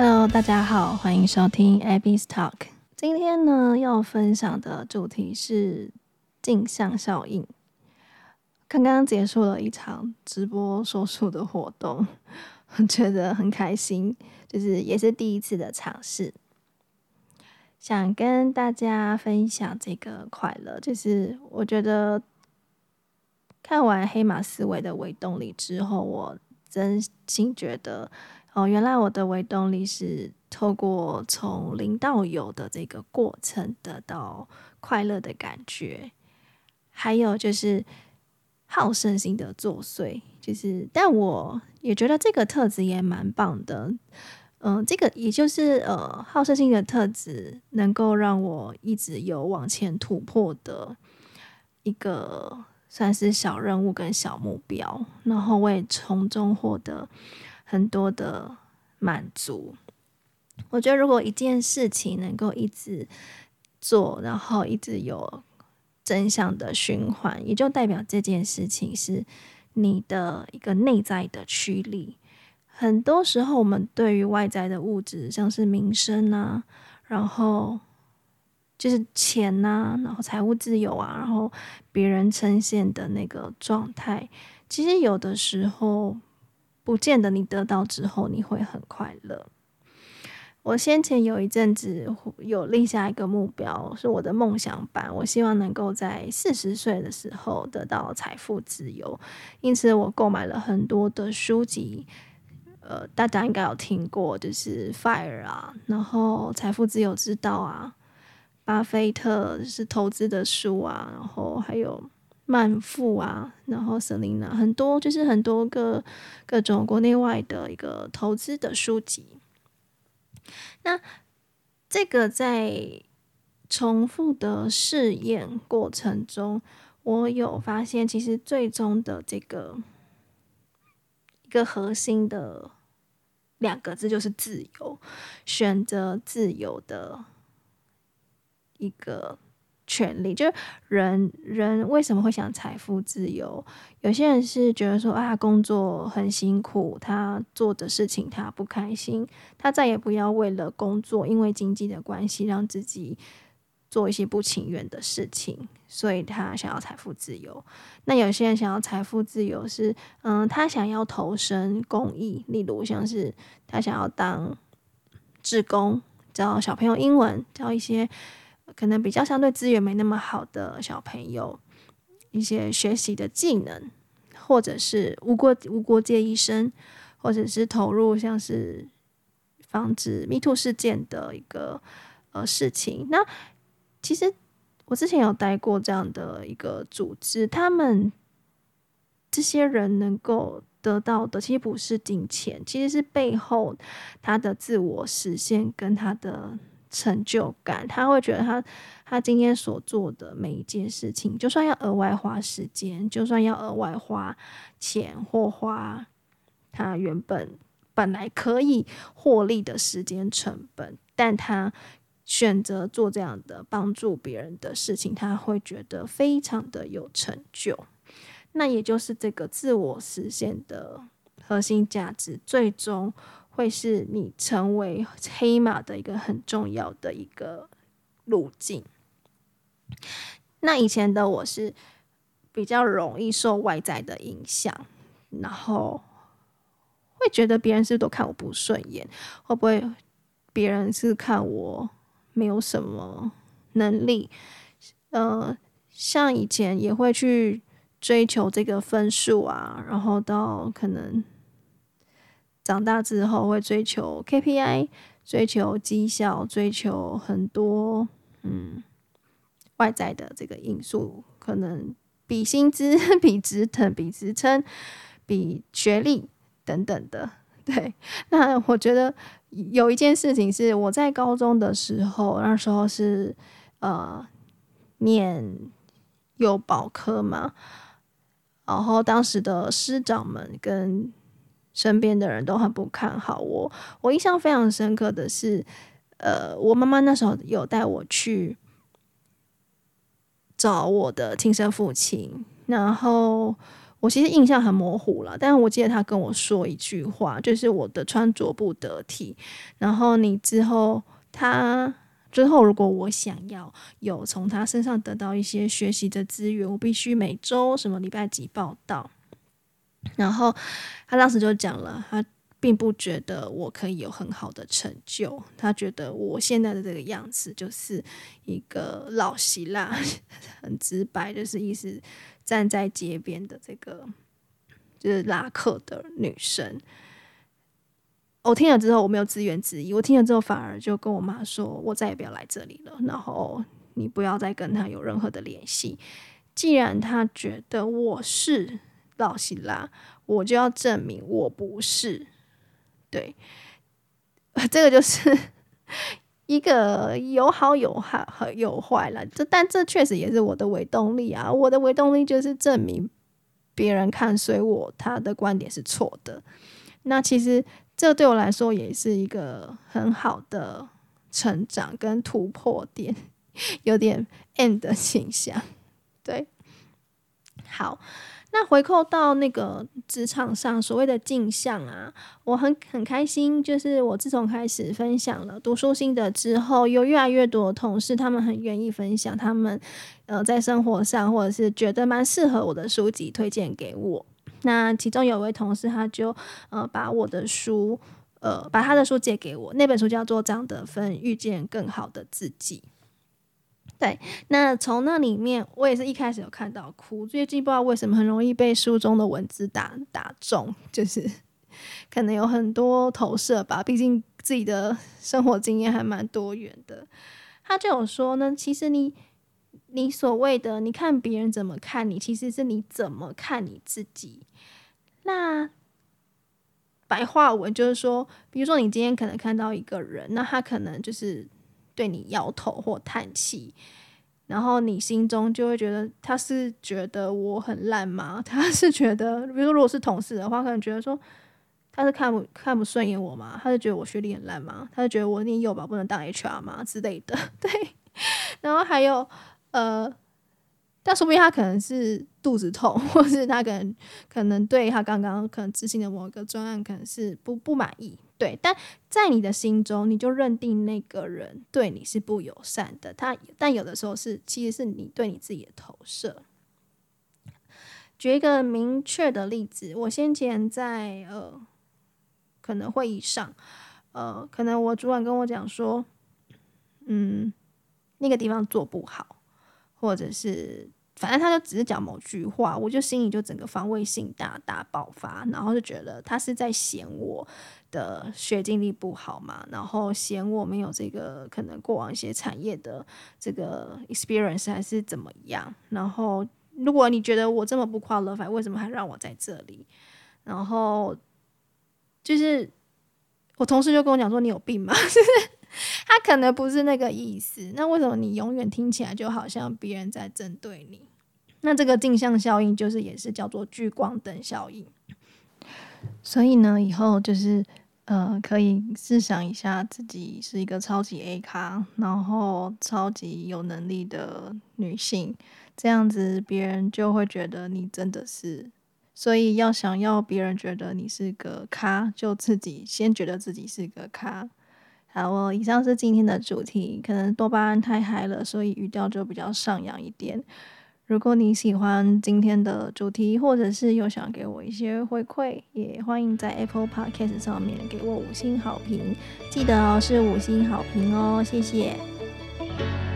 Hello，大家好，歡迎收聽 Abby's Talk。今天呢，要分享的主題是鏡像效應。剛剛結束了一場直播說書的活動，我覺得很開心，就是也是第一次的嘗試，想跟大家分享這個快樂。就是我覺得看完《黑馬思維》的微動力之後，我真心覺得。哦，原來我的微動力是透過從零到有的這個過程得到快樂的感覺，還有就是好勝心的作祟，就是，但我也覺得這個特質也蠻棒的，嗯、呃，這個也就是呃好勝心的特質能夠讓我一直有往前突破的一個算是小任務跟小目標，然後我也從中獲得。很多的滿足，我覺得如果一件事情能夠一直做，然後一直有正向的循環，也就代表這件事情是你的一個內在的驅力。很多時候，我們對於外在的物質，像是名聲啊，然後就是錢啊，然後財務自由啊，然後別人呈現的那個狀態，其實有的時候。不見得你得到之後你會很快樂。我先前有一陣子有立下一個目標，是我的夢想版。我希望能夠在四十歲的時候得到財富自由，因此我購買了很多的書籍。呃，大家應該有聽過，就是《Fire》啊，然後《財富自由之道》啊，巴菲特是投資的書啊，然後還有。曼富啊，然後塞琳娜，很多就是很多個各種國內外的一個投資的書籍。那這個在重複的試驗過程中，我有發現，其實最終的這個一個核心的兩個字就是自由，選擇自由的一個。權利，就是人人為什麼會想財富自由？有些人是覺得說啊，工作很辛苦，他做的事情他不開心，他再也不要為了工作，因為經濟的關係，讓自己做一些不情願的事情，所以他想要財富自由。那有些人想要財富自由是，嗯，他想要投身公益，例如像是他想要當志工，教小朋友英文，教一些。可能比較相對資源沒那麼好的小朋友，一些學習的技能，或者是無國無國界醫生，或者是投入像是防止 MeToo 事件的一個呃事情。那其實我之前有待過這樣的一個組織，他們這些人能夠得到的，其實不是金錢，其實是背後他的自我實現跟他的。成就感，他會覺得他他今天所做的每一件事情，就算要額外花時間，就算要額外花錢或花他原本本來可以獲利的時間成本，但他選擇做這樣的幫助別人的事情，他會覺得非常的有成就。那也就是這個自我實現的核心價值，最終。會是你成為黑馬的一個很重要的一個路徑。那以前的我是比較容易受外在的影響，然後會覺得別人是不是都看我不順眼，會不會別人是看我沒有什麼能力？呃，像以前也會去追求這個分數啊，然後到可能。長大之後會追求 KPI，追求績效，追求很多嗯外在的這個因素，可能比薪資、比職稱、比職稱、比學歷等等的。對，那我覺得有一件事情是，我在高中的時候，那時候是呃念幼保科嘛，然後當時的師長們跟。身邊的人都很不看好我。我印象非常深刻的是，呃，我媽媽那時候有帶我去找我的親生父親，然後我其實印象很模糊了，但是我記得他跟我說一句話，就是我的穿着不得體。然後你之後，他之後如果我想要有從他身上得到一些學習的資源，我必須每周什麼禮拜幾報到。然後他當時就講了，他並不覺得我可以有很好的成就，他覺得我現在的這個樣子就是一個老希臘，很直白，就是意思站在街邊的這個就是拉客的女生。我聽了之後，我沒有自怨自艾，我聽了之後反而就跟我媽說，我再也不要來這裡了，然後你不要再跟他有任何的聯繫，既然他覺得我是。老希拉，我就要證明我不是對，這個就是一個有好有好和有壞了，這但這確實也是我的微動力啊！我的微動力就是證明別人看衰我，他的觀點是錯的。那其實這對我來說也是一個很好的成長跟突破點，有點 end 的傾向，對，好。那回扣到那個職場上所謂的鏡像啊，我很很開心。就是我自從開始分享了讀書心得之後，有越來越多的同事他們很願意分享他們，呃，在生活上或者是覺得蠻適合我的書籍推薦給我。那其中有一位同事他就呃把我的書呃把他的書借給我，那本書叫做《張德芬遇見更好的自己》。對，那從那裡面我也是一開始有看到哭，最近不知道為什麼很容易被書中的文字打打中，就是可能有很多投射吧，畢竟自己的生活經驗還蠻多元的。他就有說呢，其實你你所謂的你看別人怎麼看你，其實是你怎麼看你自己。那白話文就是說，比如說你今天可能看到一個人，那他可能就是。對你搖頭或嘆氣，然後你心中就會覺得，他是覺得我很爛嗎？他是覺得，比如說如果是同事的話，可能覺得說他是看不看不順眼我嗎？他是覺得我學歷很爛嗎？他就覺得我念幼保不能當 HR 嗎之類的？對，然後還有呃，但說不定他可能是肚子痛，或是他可能可能對他剛剛可能執行的某一個專案可能是不不滿意。對，但在你的心中，你就認定那個人對你是不友善的。他，但有的時候是其實是你對你自己的投射。舉一個明確的例子，我先前在呃可能會議上，呃可能我主管跟我講說，嗯，那個地方做不好，或者是。反正他就只是講某句話，我就心裡就整個防衛性大大爆發，然後就覺得他是在嫌我的學經歷不好嘛，然後嫌我沒有這個可能過往一些產業的這個 experience 還是怎麼樣。然後如果你覺得我這麼不 qualify，為什麼還讓我在這裡？然後就是我同事就跟我講說：“你有病嗎？”是。 他可能不是那個意思，那為什麼你永遠聽起來就好像別人在針對你？那這個鏡像效應就是也是叫做聚光燈效應。所以呢，以後就是呃，可以試想一下自己是一個超級 A 咖，然後超級有能力的女性，這樣子別人就會覺得你真的是。所以要想要別人覺得你是個咖，就自己先覺得自己是個咖。好哦，以上是今天的主題。可能多巴胺太嗨了，所以語調就比較上揚一點。如果你喜歡今天的主題，或者是又想給我一些回饋，也歡迎在 Apple Podcast 上面給我五星好評。記得哦，是五星好評哦，謝謝。